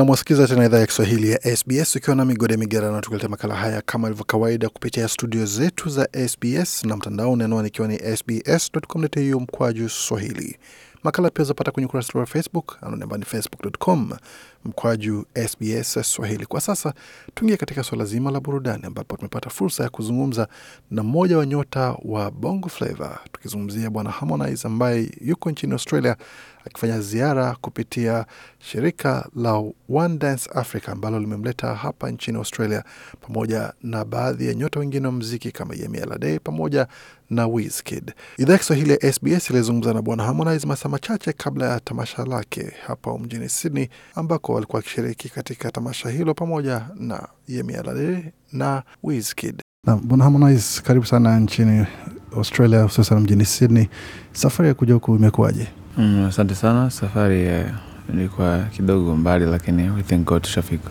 na mwasikiza tena idhaa ya Kiswahili ya SBS ukiwa na migode migerano, tukuletea makala haya kama ilivyo kawaida kupitia studio zetu za SBS na mtandaoni, anwani ikiwa ni sbs.com.au mkwaju swahili. Makala pia zapata kwenye ukurasa wa Facebook ni facebook.com mkwaju SBS Swahili. Kwa sasa tuingie katika swala zima la burudani, ambapo tumepata fursa ya kuzungumza na mmoja wa nyota wa Bongo Flava, tukizungumzia Bwana Harmonize ambaye yuko nchini Australia akifanya ziara kupitia shirika la One Dance Africa ambalo limemleta hapa nchini Australia pamoja na baadhi ya nyota wengine wa muziki kama Yemi Alade pamoja na Wizkid. Idhaa ya Kiswahili ya SBS ilizungumza na Bwana Harmonize masaa machache kabla ya tamasha lake hapa mjini Sydney, ambako walikuwa akishiriki katika tamasha hilo pamoja na Yemi Alade na Wizkid. Na Bwana Harmonize, karibu sana nchini Australia, hususan mjini Sydney. Safari ya kuja huku imekuwaje? Mm, asante sana, safari eh, ilikuwa kidogo mbali lakini we thank God tushafika.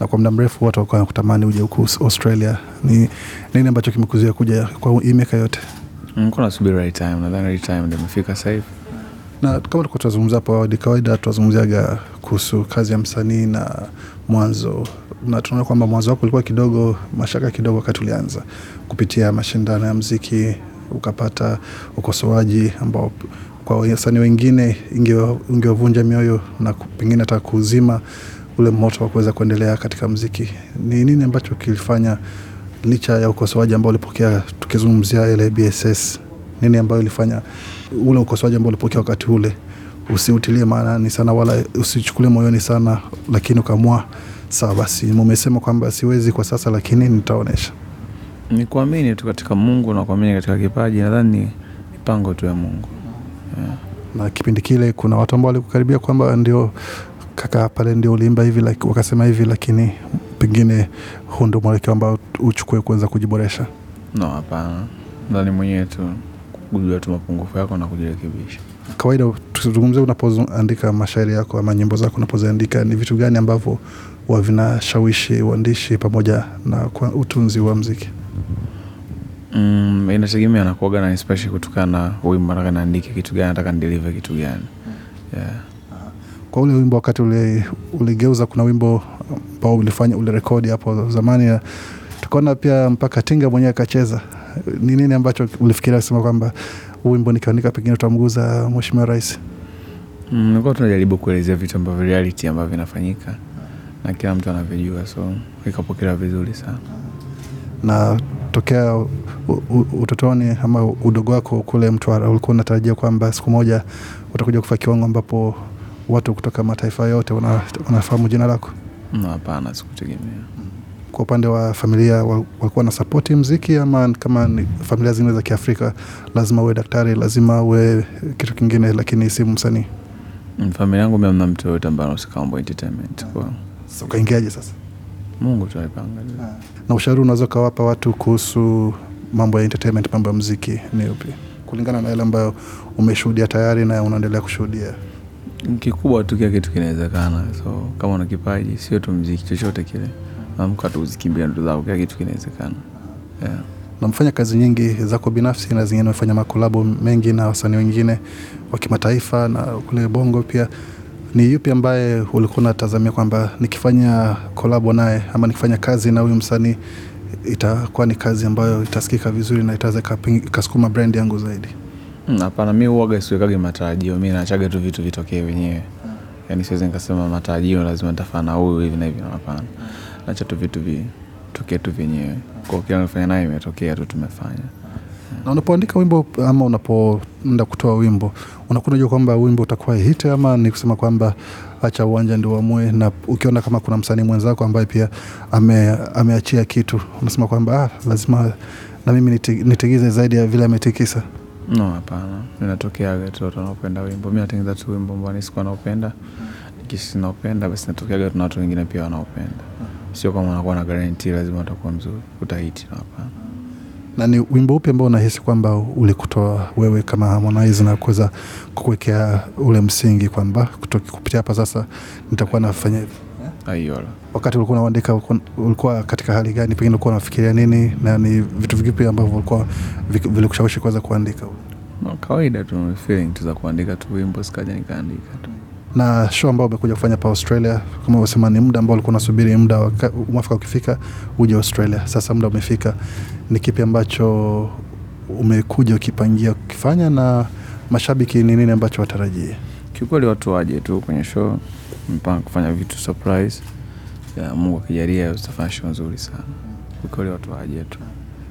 Na kwa muda mrefu watu walikuwa wanakutamani uje huku Australia. Ni nini ambacho kimekuzuia kuja kwa hii miaka yote? Nilikuwa nasubiri right time, nadhani right time ndio imefika sasa hivi. Na kama tulikuwa tunazungumza hapo awali, kawaida tunazungumziaga kuhusu kazi ya msanii na mwanzo, na tunaona kwamba mwanzo wako ulikuwa kidogo mashaka kidogo wakati ulianza kupitia mashindano ya mziki, ukapata ukosoaji ambao kwa wasanii wengine ingewavunja mioyo na pengine hata kuzima ule moto wa kuweza kuendelea katika mziki. Ni nini ambacho kilifanya licha ya ukosoaji ambao ulipokea tukizungumzia ile BSS, nini ambayo ilifanya ule ukosoaji ambao ulipokea wakati ule usiutilie maanani sana wala usichukulie moyoni sana, lakini ukamua sawa, basi mumesema kwamba siwezi kwa sasa, lakini nitaonyesha. Ni kuamini tu katika Mungu na kuamini katika kipaji. Nadhani mipango tu ya Mungu. Na kipindi kile kuna watu ambao walikukaribia kwamba ndio kaka pale ndio uliimba hivi like, wakasema hivi, lakini pengine huu ndio mwelekeo ambao uchukue kuweza kujiboresha? No, hapana, ndani mwenyewe tu kujua tu mapungufu yako na kujirekebisha. Kawaida tuzungumzia unapoandika mashairi yako ama nyimbo zako, unapoziandika ni vitu gani ambavyo wavinashawishi uandishi pamoja na utunzi wa mziki? Mm, inategemea nakuwaga na inspiration kutokana na wimbo, nataka naandike kitu gani, nataka nideliver kitu gani. Yeah. Kwa ule wimbo wakati ule uligeuza, kuna wimbo ambao ulifanya ule rekodi hapo zamani, eh, tukaona pia mpaka Tinga mwenyewe akacheza. Ni nini ambacho ulifikiria kusema kwamba wimbo nikiandika pengine utamguza eh, Mheshimiwa Rais? Mm, nilikuwa tunajaribu kuelezea vitu ambavyo reality ambavyo vinafanyika na kila mtu anavyojua so ikapokelewa vizuri sana na tokea utotoni ama udogo wako kule Mtwara, ulikuwa unatarajia kwamba siku moja utakuja kufaa kiwango ambapo watu kutoka mataifa yote wanafahamu jina lako? Hapana, no, sikutegemea. Kwa upande wa familia walikuwa na sapoti mziki, ama kama ni familia zingine za Kiafrika, lazima uwe daktari, lazima uwe kitu kingine, lakini si msanii? Familia yangu mimi mtu yoyote ambaye anahusika mambo entertainment. ukaingiaje sasa? Mungu tu aipanga. Ah. Na ushauri unaweza ukawapa watu kuhusu mambo ya entertainment, mambo ya muziki ni upi, kulingana na yale ambayo umeshuhudia tayari na unaendelea kushuhudia? Kikubwa tu, kila kitu kinawezekana. So kama una kipaji, sio tu muziki, chochote kile, amka tu uzikimbia ndoto zako, kila kitu kinawezekana yeah. Namfanya kazi nyingi zako binafsi na zingine, umefanya makolabo mengi na wasanii wengine wa kimataifa na kule Bongo pia ni yupi ambaye ulikuwa unatazamia kwamba nikifanya kolabo naye ama nikifanya kazi na huyu msanii itakuwa ni kazi ambayo itasikika vizuri na itaweza ikasukuma brand yangu zaidi? Hmm, hapana, mi uwaga siwekagi matarajio, mi naachaga tu vitu vitokee wenyewe. Yani siwezi nikasema matarajio lazima na huyu hivi na hivi, hapana. Nacha tu vitu vitokee tu vyenyewe, kwa kila nafanya naye imetokea tu tumefanya. Na unapoandika wimbo ama unapoenda kutoa wimbo, unakuwa unajua kwamba wimbo utakuwa hit ama ni kusema kwamba acha uwanja ndio uamue, na ukiona kama kuna msanii mwenzako ambaye pia ame, ameachia kitu unasema kwamba ah, lazima na mimi nitegeze zaidi ya vile ametikisa. No, hapana, inatokeaga tu watu wanaopenda wimbo. Mi natengeza tu wimbo ambao ni sikuwa naupenda, basi natokeaga tuna watu wengine pia wanaopenda, sio kama anakuwa na garanti lazima utakuwa mzuri utahiti. No, hapana na ni wimbo upi ambao unahisi kwamba ulikutoa wewe kama Harmonize na kuweza kukuwekea ule msingi kwamba kupitia hapa sasa nitakuwa nafanya hivi? Aiyola, wakati ulikuwa unaandika ulikuwa katika hali gani? Pengine ulikuwa unafikiria nini, na ni vitu vipi ambavyo ulikuwa vilikushawishi kuweza kuandika? No, kawaida tu feeling tu za kuandika tu wimbo, sikaja nikaandika tu na show ambao umekuja kufanya pa Australia, kama ulivyosema, ni muda ambao ulikuwa unasubiri muda mwafaka ukifika uje Australia. Sasa muda umefika, ni kipi ambacho umekuja ukipangia ukifanya na mashabiki ni nini ambacho watarajie? Kiukweli watu waje tu kwenye show, mpanga kufanya vitu surprise ya Mungu akijalia, utafanya show nzuri sana. Kiukweli watu waje tu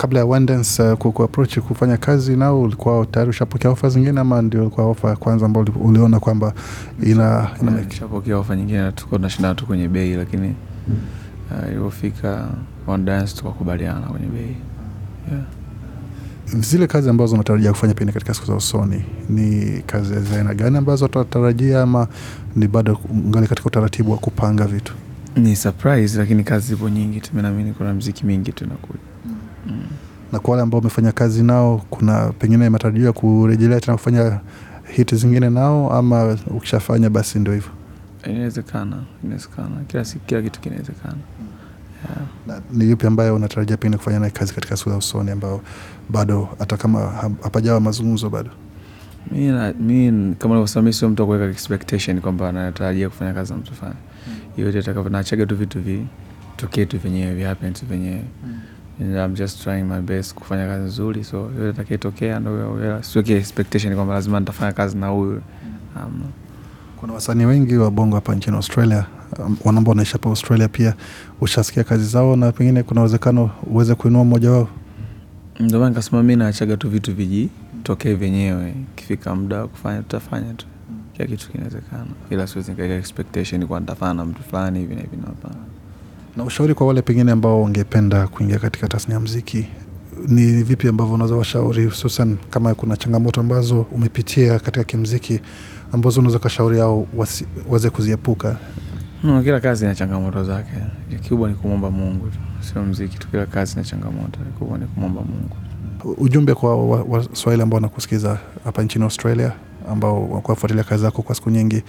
kabla ya Wendens uh, eh, kuapproach kufanya kazi nao, ulikuwa tayari ushapokea ofa zingine ama ndio ilikuwa ofa ya kwanza ambao uliona kwamba ina ina make? Ushapokea ofa nyingine, tuko tunashindana tu kwenye bei, lakini eh, ilipofika Wandance tukakubaliana kwenye bei yeah. Zile kazi ambazo unatarajia kufanya pengine katika siku za usoni ni kazi za aina gani ambazo utatarajia, ama ni bado ngali katika utaratibu wa kupanga vitu? Ni surprise, lakini kazi zipo nyingi tu, naamini kuna mziki mingi tu nakuja na kwa wale ambao wamefanya kazi nao, kuna pengine matarajio ya kurejelea tena kufanya hiti zingine nao, ama ukishafanya basi ndio hivyo? Inawezekana, inawezekana, kila, kila kitu kinawezekana. Yeah. Ni yupi ambaye unatarajia pengine kufanya naye kazi katika siku za usoni ambao bado hata kama hapajawa mazungumzo bado? Mi kama navyosema, mi sio mtu akuweka expectation kwamba natarajia kufanya kazi na mtu fulani, mm. yote atakavyo, naachaga tu vitu vitokee tu vyenyewe, vi happen tu vyenyewe. Mm. I'm just trying my best kufanya kazi nzuri, so yote atakayetokea ndio, siweke expectation kwamba lazima nitafanya kazi na huyu. Um, kuna wasanii wengi wa bongo hapa nchini Australia um, wanaomba wanaishi hapa Australia, pia ushasikia kazi zao na pengine kuna uwezekano uweze kuinua mmoja wao? Ndio maana nikasema mi naachaga tu vitu vijitokee vyenyewe, kifika muda wa kufanya tutafanya tu, kila kitu kinawezekana, ila siwezi nikaweka expectation kwa nitafanya na mtu fulani hivi na hivi na hapana. Na ushauri kwa wale pengine ambao wangependa kuingia katika tasnia ya mziki ni vipi ambavyo unaweza washauri, hususan kama kuna changamoto ambazo umepitia katika kimziki ambazo unaweza kashauri au waweze kuziepuka? No, hmm, kila kazi ina changamoto zake. Kikubwa ni kumwomba Mungu sio mziki tu. Kila kazi ina changamoto, kikubwa ni kumwomba Mungu. Ujumbe kwa Waswahili ambao wanakusikiza hapa nchini Australia? ambao kufuatilia kazi zako kwa siku nyingi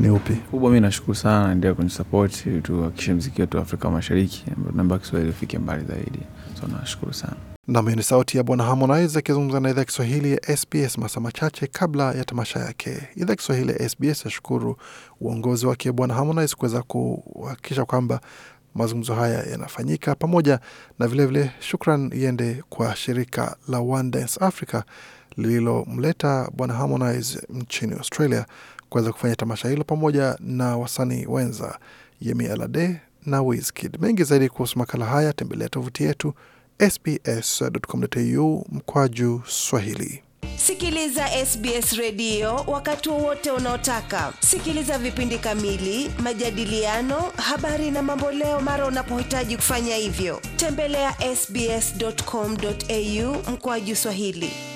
ni upi? Kubwa mi nashukuru sana, naendelea kunisapoti, tuhakikishe mziki wetu Afrika Mashariki namba Kiswahili ufike mbali zaidi, so nashukuru sana. Nam, hiyo ni sauti ya Bwana Harmonize akizungumza na idhaa ya Kiswahili ya SBS masaa machache kabla ya tamasha yake. Idhaa ya Kiswahili ya SBS yashukuru uongozi wake Bwana Harmonize kuweza kuhakikisha kwamba mazungumzo haya yanafanyika pamoja na vilevile, vile shukran iende kwa shirika la One Dance Africa lililomleta Bwana Harmonize nchini Australia kuweza kufanya tamasha hilo pamoja na wasanii wenza Yemi Alade na Wizkid. Mengi zaidi kuhusu makala haya tembelea tovuti yetu sbs.com.au mkwaju Swahili. Sikiliza SBS redio wakati wowote unaotaka. Sikiliza vipindi kamili, majadiliano, habari na mamboleo mara unapohitaji kufanya hivyo. Tembelea sbscu sbs.com.au mkoaju Swahili.